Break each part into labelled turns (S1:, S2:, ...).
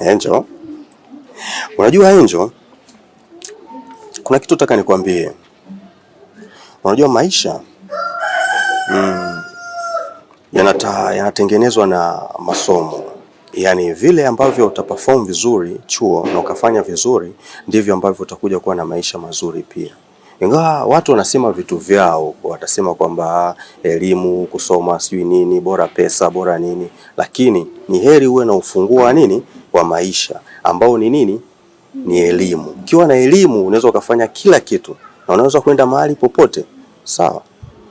S1: Angel, unajua Angel, kuna kitu nataka nikwambie. Unajua maisha mm, yanata, yanatengenezwa na masomo Yaani vile ambavyo utaperform vizuri chuo na ukafanya vizuri ndivyo ambavyo utakuja kuwa na maisha mazuri pia. Ingawa watu wanasema vitu vyao, watasema kwamba ah, elimu, kusoma, sijui nini, bora pesa, bora nini, lakini ni heri uwe na ufunguo wa nini wa maisha ambao ni nini? Ni elimu. Ukiwa na elimu unaweza ukafanya kila kitu na unaweza kwenda mahali popote, sawa.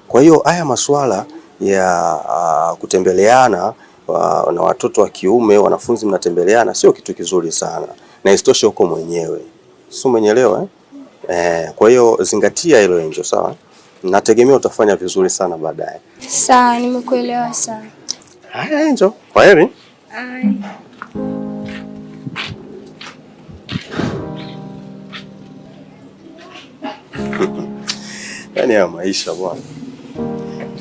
S1: Kwa hiyo haya masuala ya uh, kutembeleana uh, na watoto wa kiume, wanafunzi mnatembeleana, sio kitu kizuri sana, na isitoshe huko mwenyewe, sio mwenyelewa eh? Eh, kwa hiyo zingatia hilo Angel, sawa? Nategemea utafanya vizuri sana baadaye.
S2: Sawa, nimekuelewa sana.
S1: Haya Angel, kwa heri. Yaani ya maisha bwana,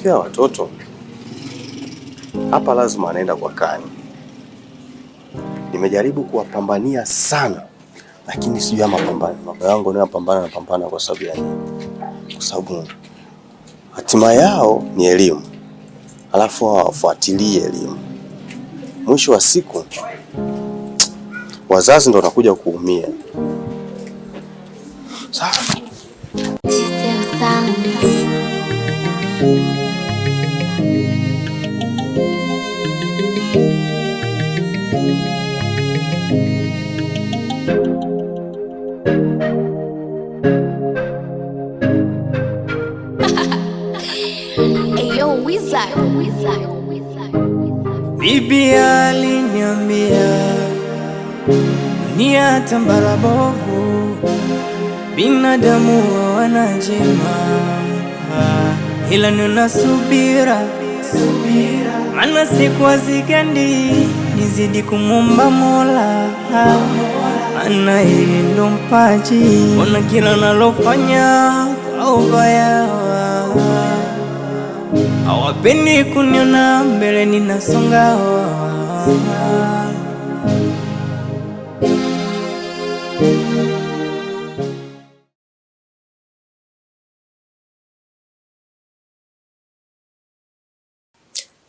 S1: kia watoto hapa lazima anaenda kwa kani. Nimejaribu kuwapambania sana lakini sijui mapambano mambo yangu ni mapambano, na pambana kwa sababu ya nini? Kwa sababu hatima yao ni elimu, alafu hawafuatilii elimu. Mwisho wa siku wazazi ndo wanakuja kuumia. Sawa. tambala bovu, binadamu wa wanajema, ila nina subira, subira mana siku zikendi nizidi kumomba Mola mana yeye ndo mpaji, ona kila nalofanya kwa ubaya hawapendi kuniona mbele ninasonga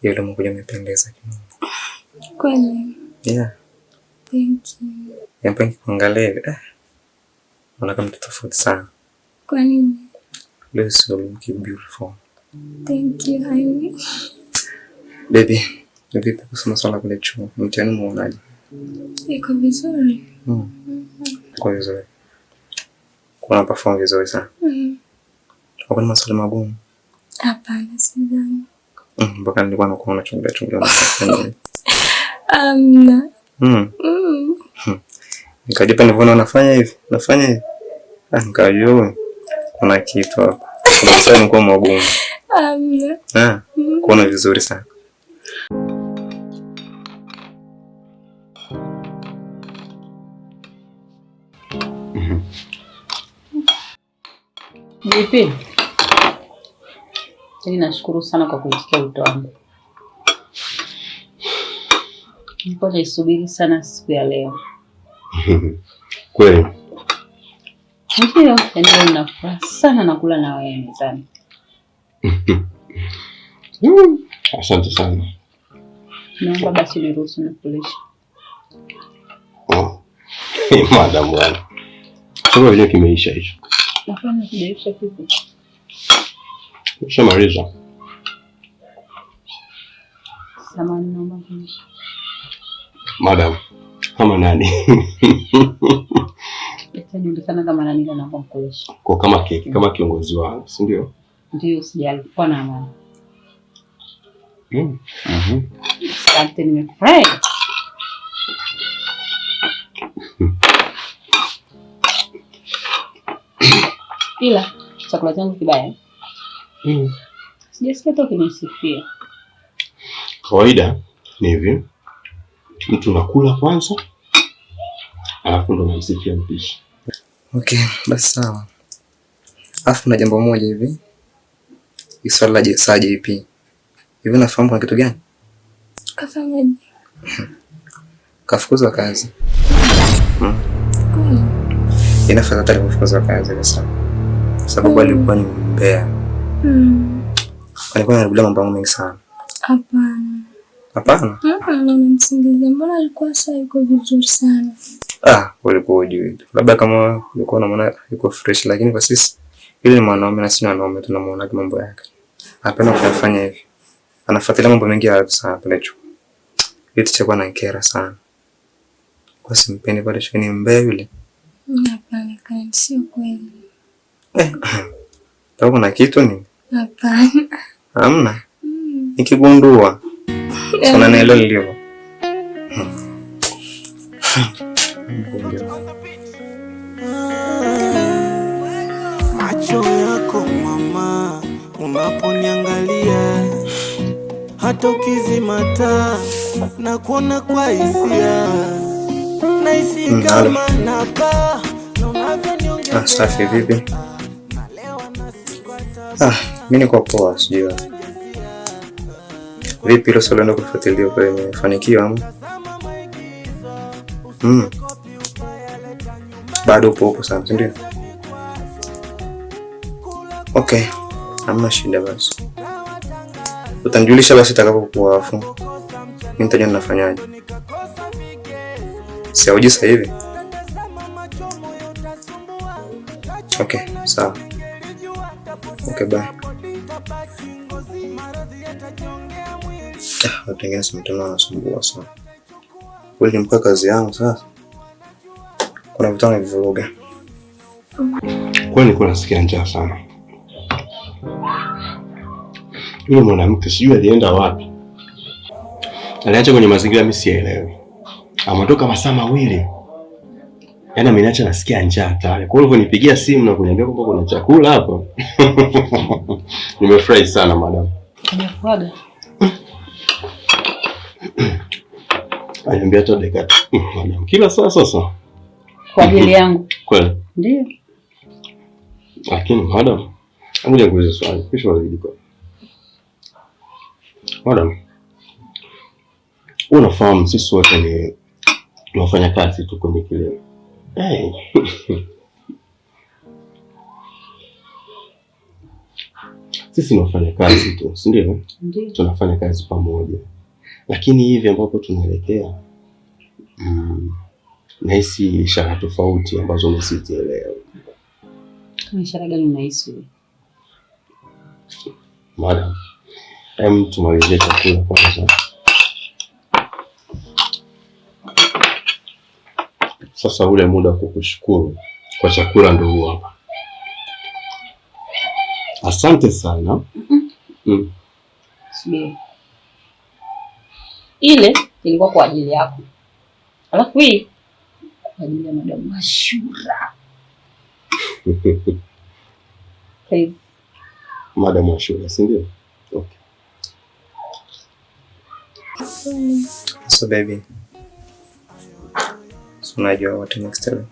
S1: Yule mkuja amependeza kweli. Yeah.
S2: Thank you.
S1: Hapa nikikuangalia ah. unakaa mtu tofauti sana. Kwa nini? Leo so look beautiful.
S2: Thank you, honey.
S1: Baby, nipi kusoma swala kule chuo? Mtihani muonaje?
S2: Iko vizuri. Mm.
S1: Mm -hmm. Kwa vizuri. Kuna perform vizuri sana. Mhm. Hakuna maswali magumu.
S2: Hapana, sidhani.
S1: Mhm, mpaka nilikuwa nakuona chungulia chungulia. Mhm.
S2: Um, mm. mm.
S1: Nikajipa nivyo unafanya hivi. Nafanya hivi. Ah, nikajua. Kuna kitu hapa. Sasa nilikuwa magumu. Amna. Um, ah, mm-hmm. kuona vizuri sana.
S3: Vipi? Yaani nashukuru sana kwa kuitikia wito wangu. Nilikuwa naisubiri sana siku ya leo.
S1: Kweli?
S3: Ndio, yaani nina furaha sana na kula na wewe mezani.
S1: Asante sana.
S3: Naomba basi niruhusu nikulishe.
S1: Oh. Madamu bwana kama vile kimeisha hicho. Hapana, Ushamaliza. Madam, kama nani? Kwa kama keki, kama kiongozi wao, si ndio?
S3: Ndio, Mhm. Asante, nimefurahi. ila chakula changu kibaya mm. Sijasikia hata ukinisifia.
S1: Kawaida ni hivi, mtu nakula kwanza, alafu ndo namsifia mpishi. Okay, basi sawa. Alafu na jambo moja hivi, iswala je, saa JP hivi, nafahamu kuna kitu gani kafanyaje? kafukuzwa kazi. hmm. Inafaa hata kufukuzwa kazi sasa sababu alikuwa ni mbea. Mm. Alikuwa anarudia mambo mengi sana.
S2: Hapana. Hapana? Namsingizia, mbona alikuwa saa yuko vizuri sana.
S1: Ah, ulikuwa ujui. Labda kama ulikuwa unamwona yuko fresh, lakini kwa sisi yule ni mwanaume na sisi wanaume tunamwona kama mambo yake. Anapenda kufanya hivi. Anafuatilia mambo mengi ya watu sana pale chuo. Yeye tichakuwa na kera sana. Kwa simpendi pale chuo ni mbea yule.
S2: Hapana, kani sio kweli. Eh,
S1: kuna kitu ni?
S2: Hapana.
S1: Hamna? Mm. Nikigundua sana eh. nalo lilivyo. Macho yako mama, unaponiangalia hata ukizima taa na kuona kwa hisia mm, na hisi kama napa na unavyo niongea. Ah, safi Ah, mimi niko poa, sijui vipi hilo swali ndio kufuatilia kwa fanikio ama? Mm. Bado upo upo sana, si ndio? Okay, hamna shida basi. Utanijulisha basi utakapokuwa afu. Mimi nitajua ninafanyaje. Si auji sasa hivi? Okay, sawa. Okay, bye. Ah, watu wengine wanasumbua sana. Kweli mka kazi yangu sasa, kuna vitu navivuruga kwani Nilikuwa nasikia njaa sana. Yule mwanamke sijui alienda wapi, aliacha kwenye mazingira mimi sielewi, ametoka masaa mawili. Yaani ameniacha nasikia njaa tayari. Kwa hivyo nipigia simu na kuniambia kwamba kuna chakula hapo. Nimefurahi sana madam.
S3: Nimefurahi.
S1: Aliniambia tu dakika madam. Kila saa sasa.
S3: Kwa ajili yangu. Kweli. Ndio.
S1: Lakini madam, hebu nikuulize swali. Kisha unarudi kwa. Madam. Unafahamu sisi wote ni wafanyakazi tu kwenye kilimo. Sisi ni kazi tu, si ndio? Tunafanya kazi pamoja, lakini hivi ambapo tunaelekea mm, nahisi ishara tofauti ambazo nisizielewa.
S3: ishara gani unahisi
S1: Madam, hem, tumalizie chakula kwanza. Sasa ule muda wa kukushukuru kwa chakula ndio huo hapa. Asante sana. Mm Mm.
S3: Ile ilikuwa kwa ajili yako, alafu hii kwa ajili ya madamu Ashura. Hey.
S1: Madamu Ashura, si ndio? Okay. So baby. So unajua what next time.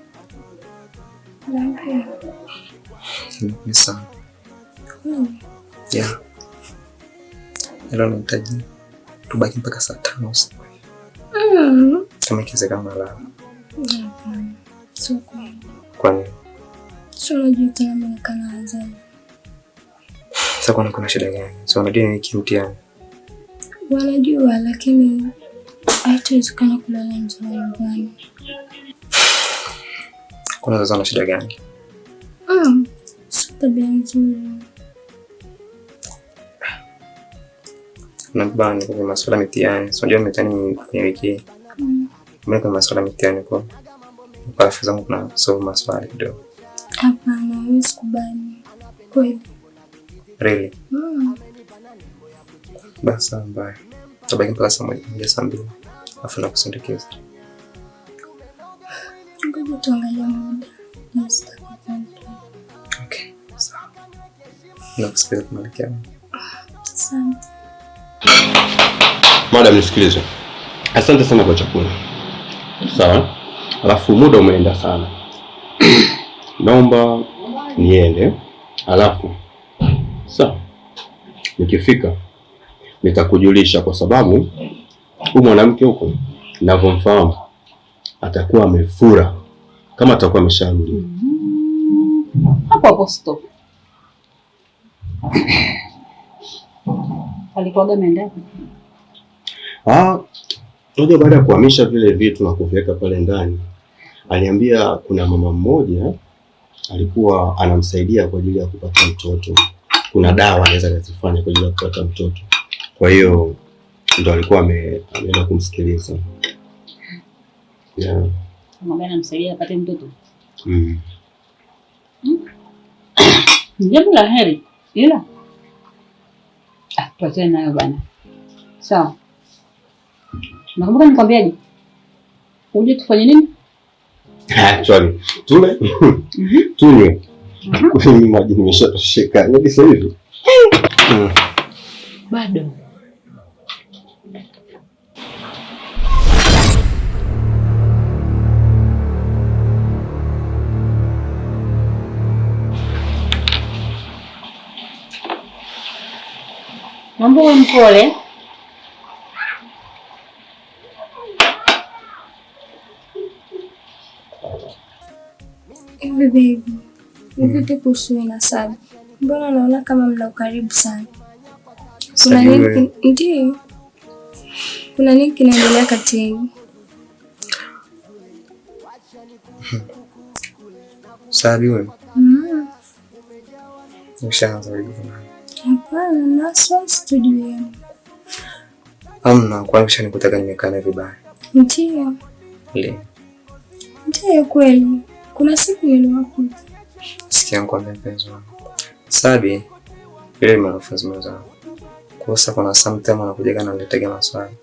S1: Leo nahitaji hmm. tubaki mpaka saa tano usiku.
S2: Hmm.
S1: Kama ikiwezekana nalala. Kwa nini? Sasa kuna shida gani? So unajua ni wiki
S2: Wanajua lakini Haitawezekana kulala nje na nyumbani.
S1: Kuna wazazi wana shida gani?
S2: Mm, si tabia nzuri.
S1: Nabani kwenye masuala ya mitihani. Unajua mitihani kwenye wiki. Mbona mm. kwenye masuala ya mitihani kwa kwa rafiki zangu kuna solve maswali kidogo.
S2: Hapana, mimi sikubali. Kweli.
S1: Really? Mm. Basi mbaya tabaki mpaka saa moja moja saa mbili afu nakusindikiza nakusikiliza kumalekea Madam, nisikilize. Asante sana kwa chakula. Sawa. Alafu muda umeenda sana. Naomba niende. Alafu sawa, nikifika nitakujulisha, kwa sababu huyu mwanamke huko ninavyomfahamu atakuwa amefura kama atakuwa amesharudia. Mm-hmm.
S3: Hapo hapo stop. Alikuwa ameenda
S1: ah, ndio baada ya kuhamisha vile vitu na kuviweka pale ndani, aliambia kuna mama mmoja alikuwa anamsaidia kwa ajili ya kupata mtoto, kuna dawa anaweza kazifanya kwa ajili ya kupata mtoto kwa hiyo ndo alikuwa ameenda kumsikiliza
S3: yeah. Namsaidia apate mtoto mm. mm. jambo la heri, ila ah, tuachane nayo bana. Sawa, nakumbuka nikwambiaje, uje tufanye nini?
S1: Actually, ah, tule mhm. tunywe mhm. maji, nimeshatosheka hadi yaani sasa hivi
S3: bado Naomba uwe mpole.
S2: Hivi baby, nivipi kuhusu Sabi? Mbona naona kama mna ukaribu sana? Kuna nini?
S3: Ndio, kuna nini kinaendelea kati yenu?
S1: Sabi wewe. Mhm. Ushaanza hivi
S2: hapana, na wasiwasi tu yenu.
S1: Amna nimekana vibaya.
S2: Ndio. Le. Ndio kweli. Kuna siku niliwakuta.
S1: Sikia nikwambie mpenzi wangu. Sabi yule ni mwanafunzi mwenzangu. Kosa kuna sometime anakujaga na ananiletea maswali.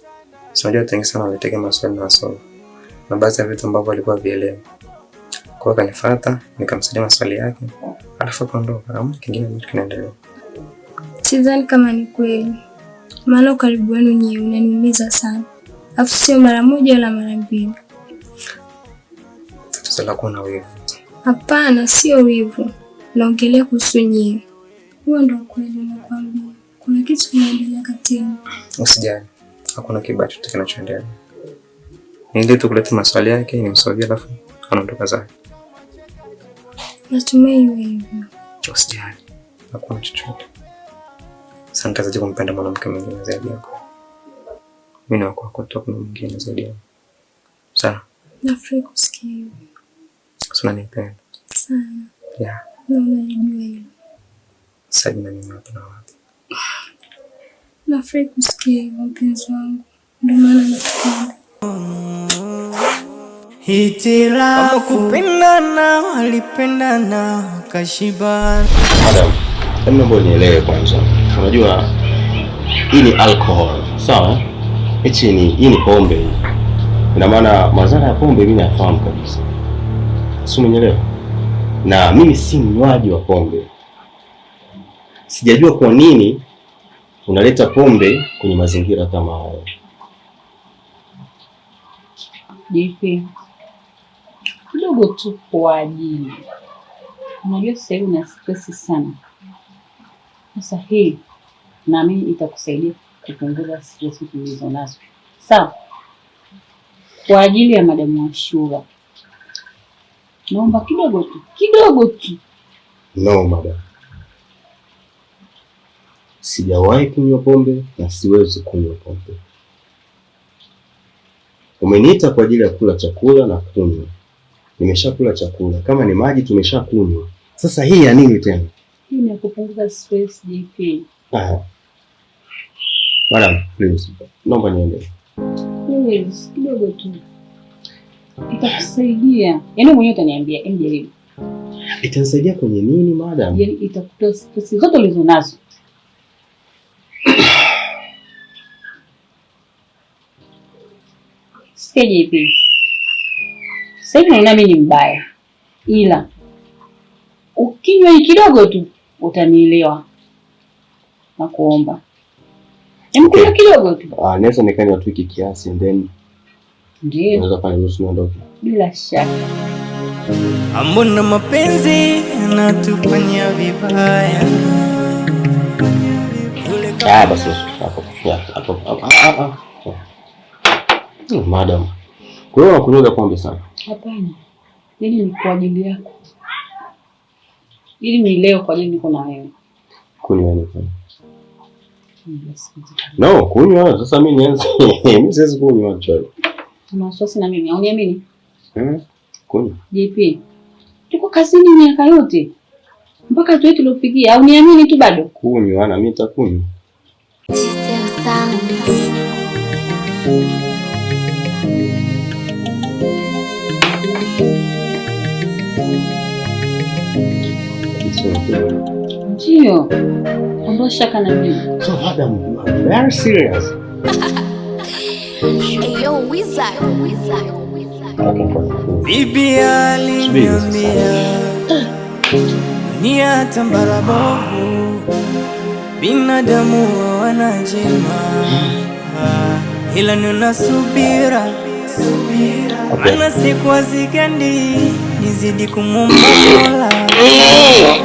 S1: Unajua tengi sana ananiletea maswali na somo. Na baadhi ya vitu ambavyo alikuwa vielewi. Kwa hiyo akanifuata, nikamsaidia maswali yake. Alafu akaondoka. Kingine kinaendelea.
S2: Sidhani kama ni kweli, maana ukaribu wenu nyewe unaniumiza sana, afu sio mara moja wala mara mbili.
S1: Tatizo lako na wivu?
S2: Hapana, sio wivu, naongelea kuhusu nyewe. Huo ndio kweli, nakwambia kuna kitu kinaendelea kati yenu.
S1: Usijali, hakuna kibaya chochote kinachoendelea. Niende tu kuleta maswali yake ni nimswali, alafu anaondoka zake.
S2: Natumai iwe hivyo.
S1: Usijali, hakuna chochote sasa kumpenda mwanamke mwingine zaidi yako? Mimi na kwa kutoka mwingine zaidi yako. Sawa.
S2: Nafurahi kusikia hivyo.
S1: Sasa Sana. Yeah.
S2: Na unajua hilo.
S1: Sasa mimi mimi hapa na wapi?
S2: Nafurahi kusikia hivyo mpenzi wangu. Ndio maana nakupenda. Hitilafu.
S1: Kupendana walipendana Madam, hebu nielewe kwanza unajua hii ni alcohol sawa, hichi ni hii ni pombe. Ina maana madhara ya pombe mimi nafahamu kabisa, si umeelewa? Na mimi si mnywaji wa pombe, sijajua kwa nini unaleta pombe kwenye mazingira kama hayo.
S3: Jipi kidogo tu kwa ajili, unajua sasa hivi una stress sana. Sasa hii mimi itakusaidia kupunguza stress tulizo nazo. Sawa, kwa ajili ya Madamu Ashura naomba kidogo tu kidogo tu.
S1: No madam, sijawahi kunywa pombe na siwezi kunywa pombe. Umeniita kwa ajili ya kula chakula na kunywa, nimeshakula chakula. Kama ni maji tumeshakunywa, sasa hii ya nini tena?
S3: Hii ni kupunguza stress JP. Ah.
S1: Madam, please. Naomba niende.
S3: Please, kidogo tu. Itakusaidia. Yaani mwenyewe utaniambia, hebu jaribu.
S1: Itanisaidia kwenye nini madam?
S3: Yaani itakutoa stress zote ulizo nazo. Sikia JP. Sasa hivi naona mimi ni mbaya. Ila ukinywa kidogo tu utanielewa. Nakuomba. Mkula kidogo tu.
S1: Ah, naweza nikanywa tu hiki kiasi then ndio. Naweza pale nusu niondoke.
S3: Bila shaka. Ambona mapenzi natufanya
S1: vibaya. Ah, basi hapo hapo hmm, Madam. Kwa hiyo unakunywa pombe sana?
S3: Hapana. Hili ni kwa ajili yako. Ili ni leo kwa nini niko na wewe.
S1: Kunywa ni kwa No, kunywa sasa mimi nianze. Mimi siwezi kunywa chai.
S3: Una wasiwasi na mimi, hauniamini?
S1: Eh, kunywa.
S3: JP. Tuko kazini miaka yote. Mpaka tu hatua tuliofikia, hauniamini tu bado.
S1: Kunywa na mimi nitakunywa.
S3: Ndio. Ondoa shaka na mimi.
S1: So Adam, you are very serious. Yo, wizard. Bibi aliniambia dunia tambara bovu, binadamu hawana njema, ila nina subira Okay. Mana siku
S3: nizidi kumumba Mola mm.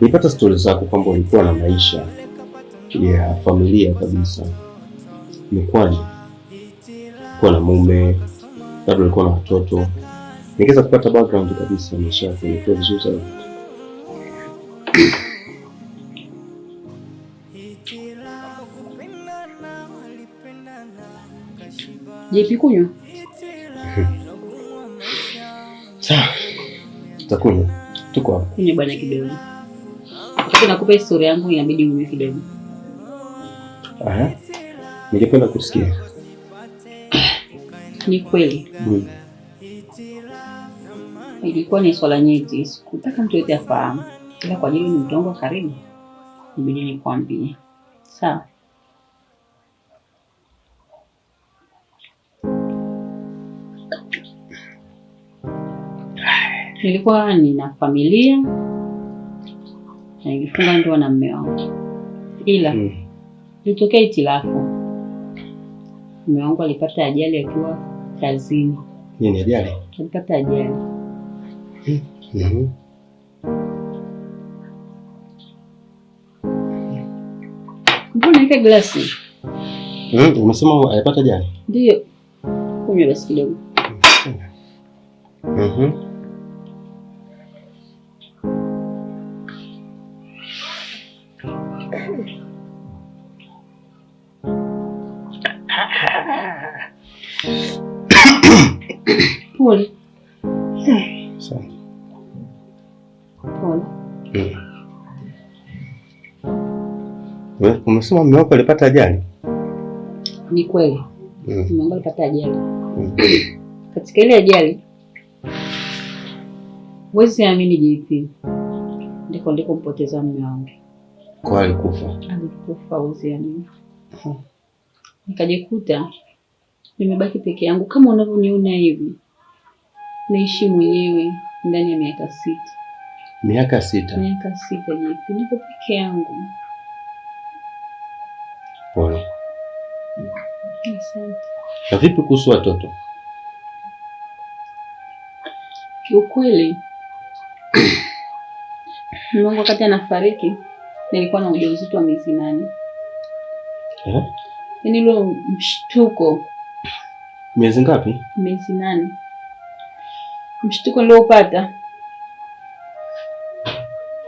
S1: nipata stori zako kwamba ulikuwa na maisha ya familia kabisa. nikwaje kuwa na mume, labda ulikuwa na watoto? Ningeweza kupata background kabisa maisha yako, ilikuwa vizuri sana. Jepi kunywa Sawa, tuko hapa.
S3: Ni bwana kidogo, nakupa historia yangu, inabidi uwe kidogo.
S1: Ningependa kusikia.
S3: Ni kweli mm. Ilikuwa ni swala nyeti, sikutaka mtu yote afahamu, ila kwa ajili ni mtongo karibu, inabidi nikwambie. Sawa. nilikuwa nina familia na nilifunga ndoa na mume wangu, ila mm. ilitokea mm. itilafu. Mume wangu alipata ajali akiwa kazini. Nini ajali? Alipata ajali hmm. Naika glasi
S1: hmm. Umesema alipata ajali?
S3: Ndio, kunywa glasi kidogo. Mm-hmm.
S1: Pole. Asante. Pole. Wewe eh, umesema mume wako alipata ajali?
S3: Ni kweli. Mm. Mume wangu alipata ajali. Mm. Katika ile ajali Wezi amini JP. Ndiko ndiko mpoteza mume wangu.
S1: Kwa alikufa.
S3: Alikufa wezi amini. Mm nikajikuta nimebaki peke yangu kama unavyoniona hivi. Naishi mwenyewe ndani ya miaka sita.
S1: Miaka sita?
S3: Miaka sita jipi, niko peke yangu.
S1: Pole. Asante. Na vipi kuhusu watoto?
S3: Kiukweli Mungu, wakati anafariki nilikuwa na ujauzito wa miezi nane. Eh? Yaani lo mshtuko. Miezi ngapi? Miezi nane. Mshtuko niliopata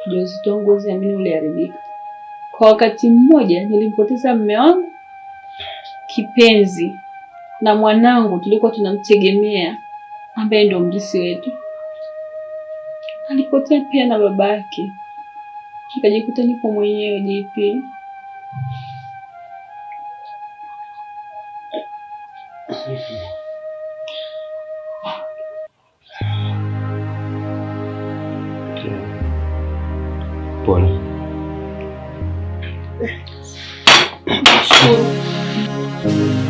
S3: ujauzito wangu huwezi amini uliharibika. Kwa wakati mmoja nilimpoteza mume wangu kipenzi na mwanangu tulikuwa tunamtegemea ambaye ndio mrisi wetu alipotea, pia na babake. Nikajikuta nipo mwenyewe JP.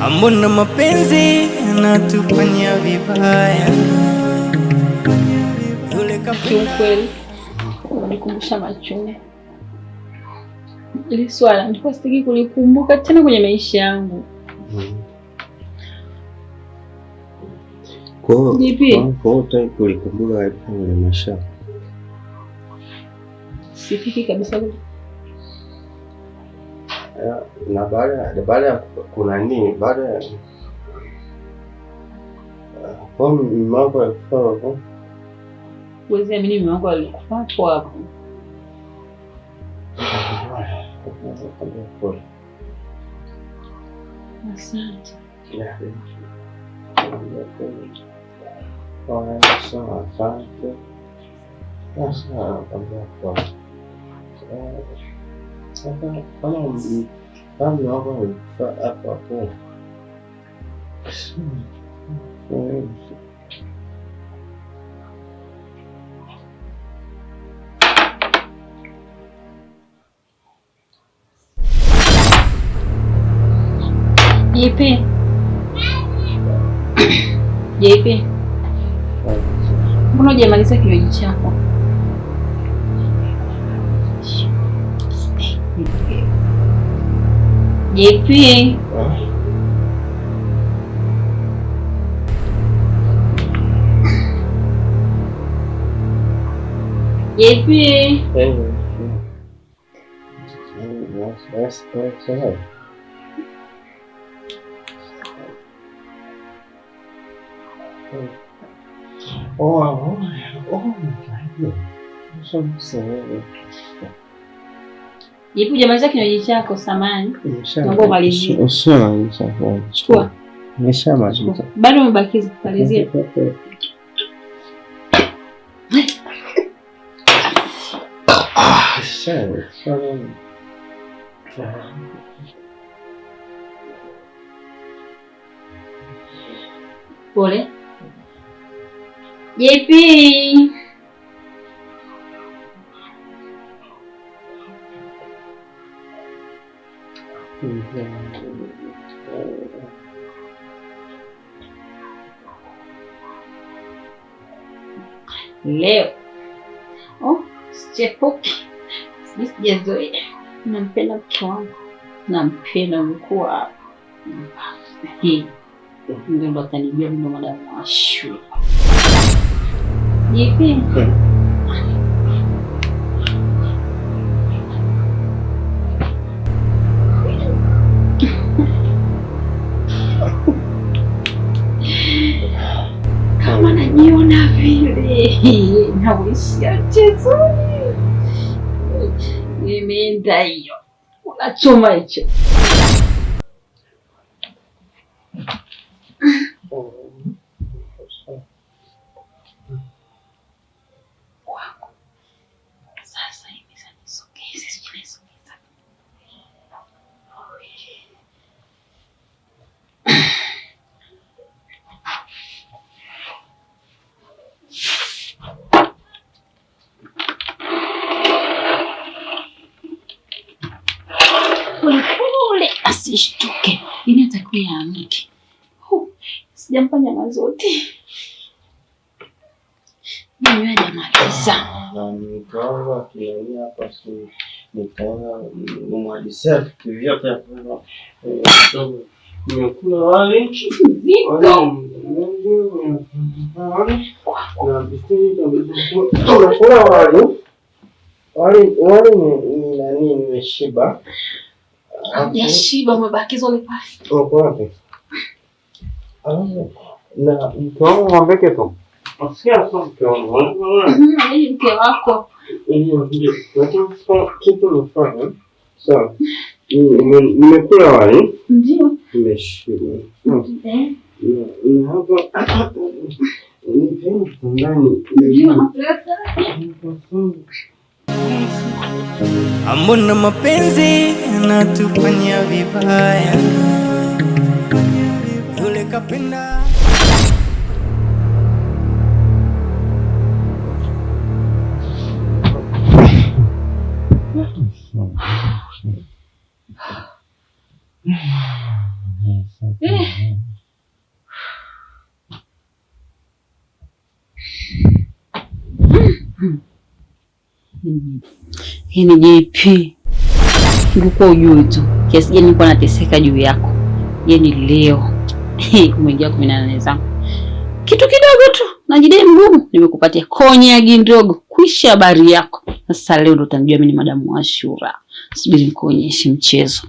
S3: Ambona mapenzi natufanya vibaya. Kiukweli unanikumbusha machungu. Ili swala nilikuwa sitaki kulikumbuka tena kwenye maisha yangu.
S1: Kwa hiyo utaki kulikumbuka kabisa kwenye maisha,
S3: sitaki kabisa
S1: na baada baada ya kuna nini, baada ya mume wako alikufa hapo,
S3: huwezi amini, mume wako alikufa hapo hapo. Asante. Asante. JP. JP. Mbona hujamaliza kinywaji chako? Diệp Thúy Yên à. Diệt Thúy Yên Em Sẽ sẽ sẽ Ôi, ôi, ôi, cái gì? Không sợ. Jibu jamaliza kinywaji chako samani. Naomba umalizie.
S1: Usiwe Chukua. Nimeshamaliza.
S3: Bado umebakiza kumalizia. Pole. JP. Leo oh, sichepuki, sijui sijazoea. Nampenda mke wangu, nampenda mkuu hapa, ndio ndo atanijua wa shule. Hii inaishia mchezoni, nimeenda hiyo, unachoma hicho ya mke sijamfanya mazote jamaliza
S1: nimekula wali wali wali ni nani, nimeshiba
S3: Yashiba umebakizwa ni pale.
S1: Uko wapi? Ah, na mke wangu mwambeke tu. Asikia kwa mke wangu.
S3: Mimi mke wako.
S1: Ndio, ndio. Nataka kitu nifanye. Sawa. Nimekula wali. Ndio. Nimeshiba. Eh. Na Ndio,
S3: Ambona mapenzi yanatufanyia vibaya? Yule kapenda hmm ni yaani JP, ulikuwa ujui tu kiasi gani nilikuwa nateseka juu yako. Yaani leo umeingia kumi na nane zangu, kitu kidogo tu najidai mgumu, nimekupatia konyagi ndogo kuisha habari yako. Sasa leo ndo utanijua mimi ni madamu Ashura. Subiri nikuonyeshe mchezo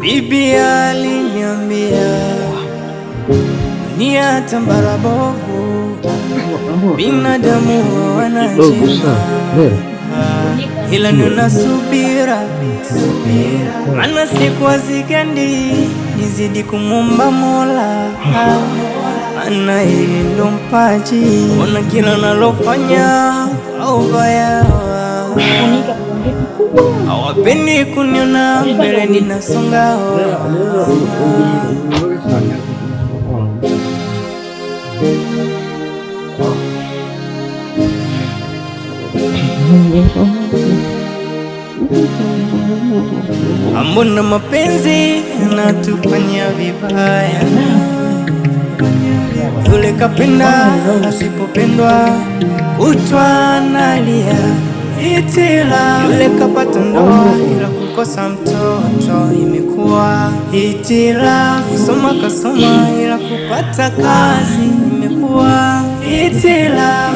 S3: Bibi aliniambia dunia tambara bovu, binadamu wana njima, ila nuna subira, mana siku hazikendi, nizidi kumwomba Mola, maana yeye ndo mpaji, ona kila nalofanya au hawapendi kuniona mbele ninasonga Ambona mapenzi natufanya vibaya, yule kapenda asipopendwa kutwa nalia Hitila yule kapata ndoa ila kukosa mtoto imekuwa hitila. Kusoma kasoma ila kupata kazi imekuwa hitila.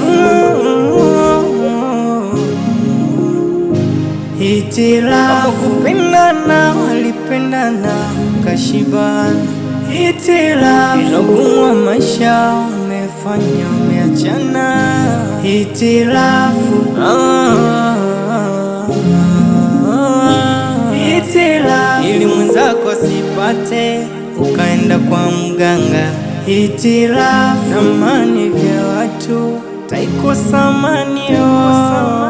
S3: Hitila kupendana walipendana kashibana hitila ilogumwa maisha kufanya umeachana, hitilafu ili mwenzako sipate, ukaenda kwa mganga, hitilafu. mani vya watu taikosa amani